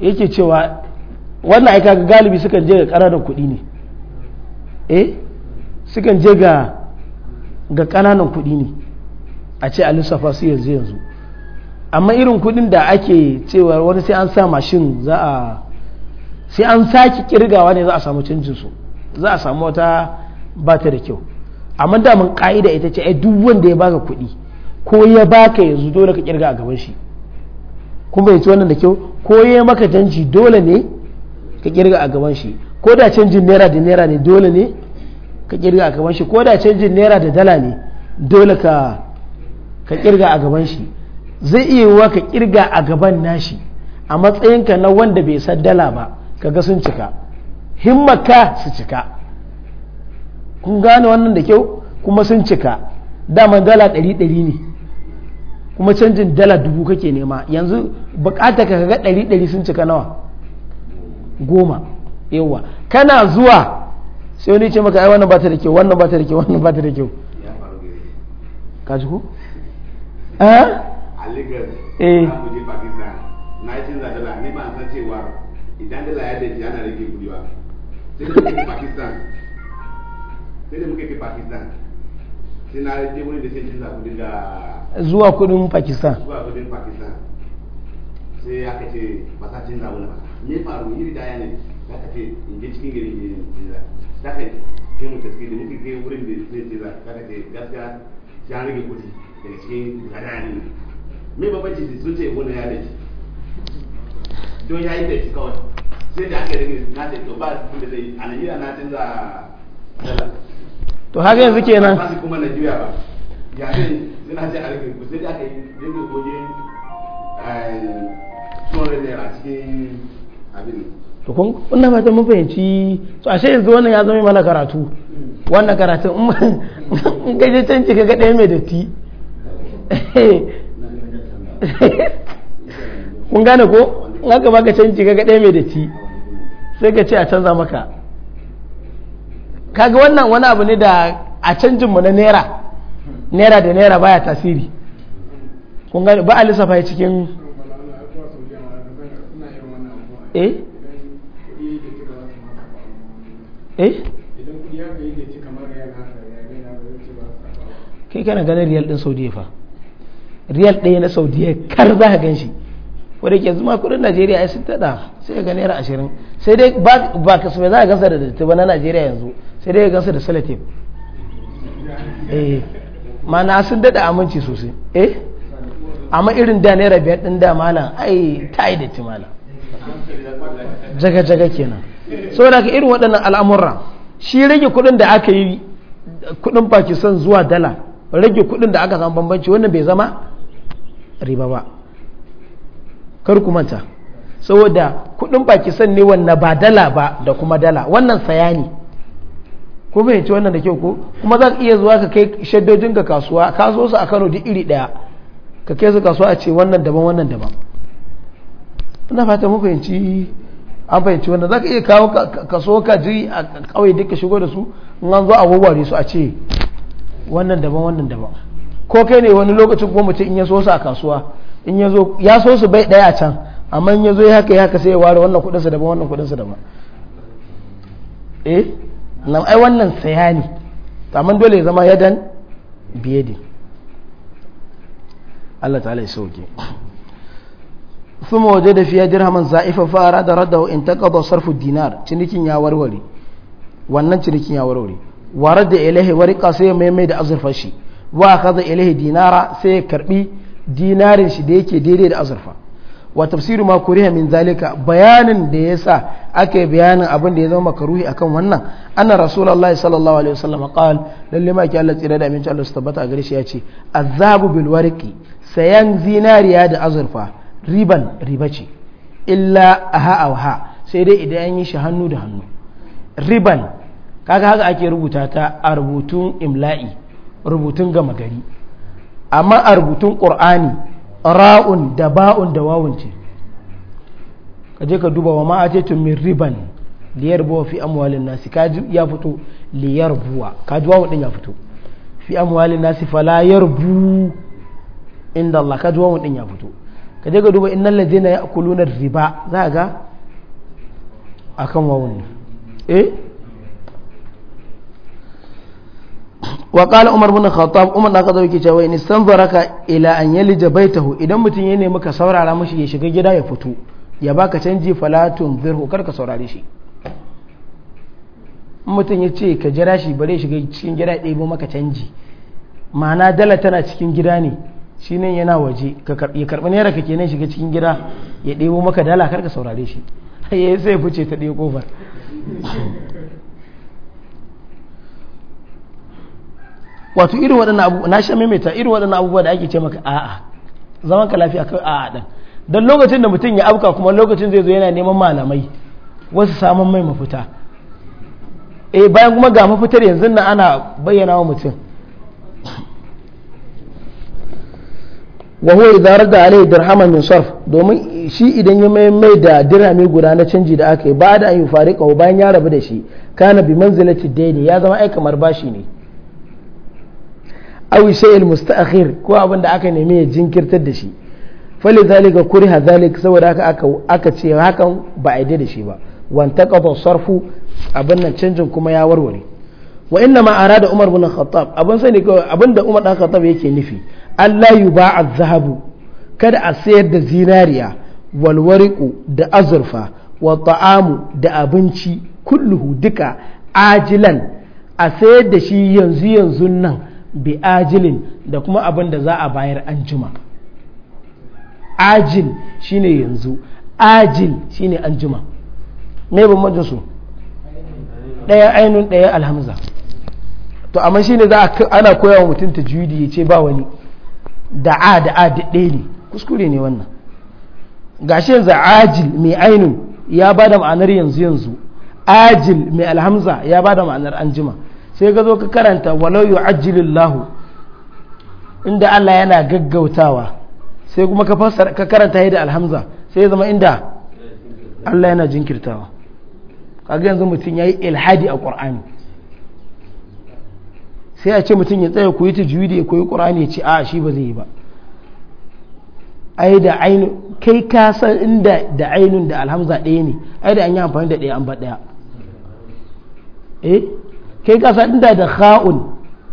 Speaker 1: eh. yake cewa wannan aika galibi sukan je ga ƙararar kuɗi ne eh sukan je ga ga ƙananan kuɗi ne a ce a su yanzu yanzu amma irin kuɗin da ake cewa wani sai an sa mashin za a sai an sake kirgawa ne za a samu canjin su za a samu wata ba ta da kyau amma daman ka'ida ita ce ai duk wanda ya baka kuɗi ko ya baka yanzu dole ka kirga a gaban shi kuma ya ci wannan da kyau ko ya maka janji dole ne ka kirga a gaban shi ko da canjin naira da naira ne dole ne ka kirga a gaban shi ko da canjin naira da dala ne dole ka kirga a gaban shi zai iya yiwuwa ka kirga a gaban nashi a matsayinka na wanda bai san dala ba kaga sun cika himmaka su cika kun gane wannan da kyau kuma sun cika dama dala ɗari ɗari ne kuma canjin dala dubu kake nema yanzu bukata ka ga ɗari ɗari sun cika nawa goma yawa kana zuwa sai wani ce maka ai wannan ba ta da kyau wannan ba ta da kyau wannan ba ta da kyau ka ji ko eh eh na yi canza dala ni ba san cewa idan dala ya dace ana rage kudi ba sai da muke pakistan sai da muke pakistan sai na rage wuri da sai canza kudin da zuwa kudin pakistan zuwa kudin pakistan sai aka ce ba sa canza wani ba ne faru iri da ya ne za ka ce in cikin gari ne ne za ka mu taske da kai wurin da za ka ce gaskiya sai an daga cikin gada ne babanci da sun ce ya don ya yi kawai sai da aka rage na ce to ba da zai a najeriya na canza dala to haka yanzu kenan ba su kuma najeriya ba ya suna ce a rage kuɗi sai da aka yi goge eh, cikin abin to kun wannan ba ta mun fahimci to ashe yanzu wannan ya zama mana karatu wannan karatu in ka je can ka ga ɗaya mai datti kun gane ko in aka baka canji ka ga ɗaya mai datti sai ka ce a canza maka kaga wannan wani abu ne da a canjin mu na naira naira da naira baya tasiri kun gane ba a lissafa cikin eh Eh? kai kana ganin riyal din saudiya fa riyal ɗaya na saudiya kar za ka gan shi wadda ke zuma kudin najeriya ai sun taɗa sai ga naira ashirin sai dai ba ka za ka gansa da datti ba na najeriya yanzu sai dai ka gansa da salatif eh mana sun daɗa aminci sosai eh amma irin da naira biyar ɗin da malam ai ta yi datti malam jaga-jaga kenan saboda ka irin waɗannan al'amurra shi rage kuɗin da aka yi kuɗin pakistan zuwa dala rage kuɗin da aka samu bambanci wannan bai zama riba ba kar ku manta saboda kuɗin pakistan ne wannan ba dala ba da kuma dala wannan saya ne ko fahimci wannan da kyau ko kuma za ka iya zuwa ka kai shaddojin ka kasuwa ka zo su a kano duk iri ɗaya ka kai su kasuwa a ce wannan daban wannan daban ina fata mu fahimci an fahimci wannan za ka iya kawo kaso ji a kawai duka shigo da su in an zo a wawware su a ce wannan daban wannan daban ko kai ne wani lokacin ko mace in ya so su a kasuwa in ya zo ya so su bai daya a can amma in ya zo ya haka ya haka sai ya ware wannan kudinsa daban wannan kudinsa daban eh na ai wannan saya ne amma dole ya zama yadan biyadi Allah ta'ala ya sauke ثم وجد فيها درهما زائفا فأراد رده انتقض صرف الدينار cinikin ya warware wannan cinikin ya warware warar da ilahi warika sai ya maimai da azurfa shi wa kaza ilahi dinara sai ya karbi dinarin shi da yake daidai da azurfa wa tafsiru ma kuriha min zalika bayanin da yasa ake bayanin abin da ya zama makaruhi akan wannan anna rasulullahi sallallahu alaihi wasallam qal lalle ma ki Allah tsira da aminci Allah su tabbata a gare shi ya ce azabu bil wariƙi sayan zinariya da azurfa riban riba ce illa aha a ha sai dai idan an yi shi hannu da hannu riban kaga haka ake rubuta ta a rubutun imla'i rubutun gama gari amma a rubutun ƙor'ani ra'un da ba'un da wawun ce ka je ka duba wa tun min riban liyar buwa fi amwalin nasi kaji ya fito liyar buwa ji wawun din ya fito fi amwalin nasi fala yarbu inda Allah ji wawun din ya fito ka je ga duba lajina ya ya'kuluna riba za ga akan wawun ne eh wa umar bin khattab umar na kaza yake cewa in sanzaraka ila an yalija baitahu idan mutum ya nemi ka saurara mashi ya shiga gida ya fito ya baka canji falatun zirhu kar ka saurare shi mutum ya ce ka jira shi bare shiga cikin gida ɗaya ɗebo maka canji ma'ana dala tana cikin gida ne shi ne yana waje ya karɓi naira ka kenan shiga cikin gida ya ɗebo maka dala karka saurare shi ya yi sai fice ta ɗaya ƙofar wato irin waɗannan abubuwa na sha maimaita irin waɗannan abubuwa da ake ce maka a'a zaman ka lafiya kawai a'a ɗan don lokacin da mutum ya abuka kuma lokacin zai zo yana neman malamai wasu samun mai mafita eh bayan kuma ga mafitar yanzu na ana bayyana wa mutum wa huwa idza rada alayhi dirhaman min sarf domin shi idan ya mai mai da dirhami guda na canji da aka yi ba da an yi farika bayan ya rabu da shi kana bi manzilati daini ya zama ai kamar bashi ne aw al musta'khir ko abin da aka nemi ya jinkirtar da shi fali zalika kuriha zalik saboda haka aka aka ce hakan ba a yi da shi ba wanta taqata sarfu abin nan canjin kuma ya warware wa inna ma arada umar bin khattab abun sani kawai abin da umar dan khattab yake nufi Allah yuba'a zahabu kada a sayar da zinariya walwariku da azurfa wa ta'amu da abinci kulluhu duka ajilan a sayar da shi yanzu yanzu nan bi ajilin da kuma abin da za a bayar an jima ajil shine yanzu ajil shine an juma me ban su ɗaya ainun ɗaya alhamza to amma ne za ana koya wa mutum da ya ce ba wani da a da a da ɗaya ne kuskure ne wannan gashi yanzu ajil mai ainun ya ba da ma'anar yanzu yanzu ajil mai alhamza ya ba da ma'anar anjima sai ka zo ka karanta walau lahu inda Allah yana gaggautawa sai kuma ka fassara ka karanta da alhamza sai zama inda Allah yana jinkirtawa kaga yanzu mutum ya yi ilhadi a ƙwar'ani sai a ce mutum ya tsaya koyi ta juyi da ya koyi ƙur'ani ya ce a shi ba zai yi ba ai da ainu kai ka san inda da ainun da alhamza ɗaya ne ai da an yi amfani da ɗaya an ba ɗaya eh kai ka san inda da kha'un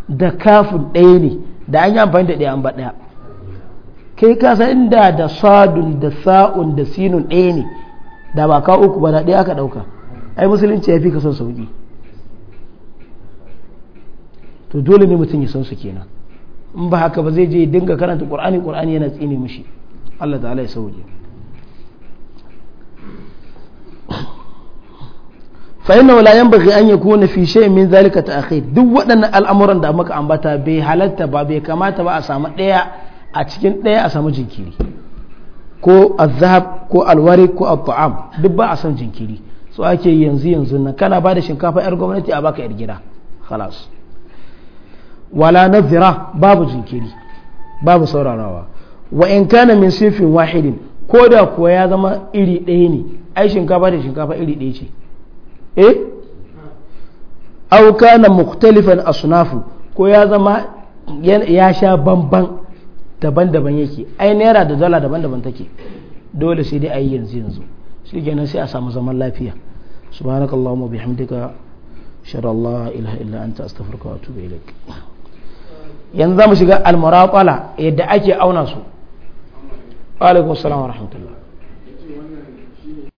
Speaker 1: da kafin ɗaya ne da an yi amfani da ɗaya an ba ɗaya kai ka san inda da sadun da sa'un da sinun ɗaya ne da ba ka uku ba da ɗaya aka ɗauka ai musulunci ya fi ka son sauki to dole ne mutum ya san su kenan in ba haka ba zai je dinga karanta qur'ani qur'ani yana tsine mishi Allah ta'ala ya sauke fa inna la yanbaghi an yakuna fi shay'in min zalika ta'khir duk waɗannan al'amuran da muka ambata bai halatta ba bai kamata ba a samu ɗaya a cikin ɗaya a samu jinkiri ko azhab ko alwari ko at'am duk ba a san jinkiri so ake yanzu yanzu nan kana ba da shinkafa yar gwamnati a baka yar gida khalas wala nazira babu jinkiri babu sauranawa wa in kana min sifin wahidin ko da kuwa ya zama iri ɗaya ne ai shinkafa da shinkafa iri ɗaya ce eh aw kana mukhtalifan asnafu ko ya zama ya sha bamban daban-daban yake ai naira da dala daban-daban take dole sai dai ayi yanzu yanzu shikenan sai a samu zaman lafiya subhanakallahumma bihamdika shar Allah ilaha illa anta astaghfiruka wa atubu ilaik yanzu za mu shiga almuraqala yadda ake auna su alaikum salam wa rahmatullah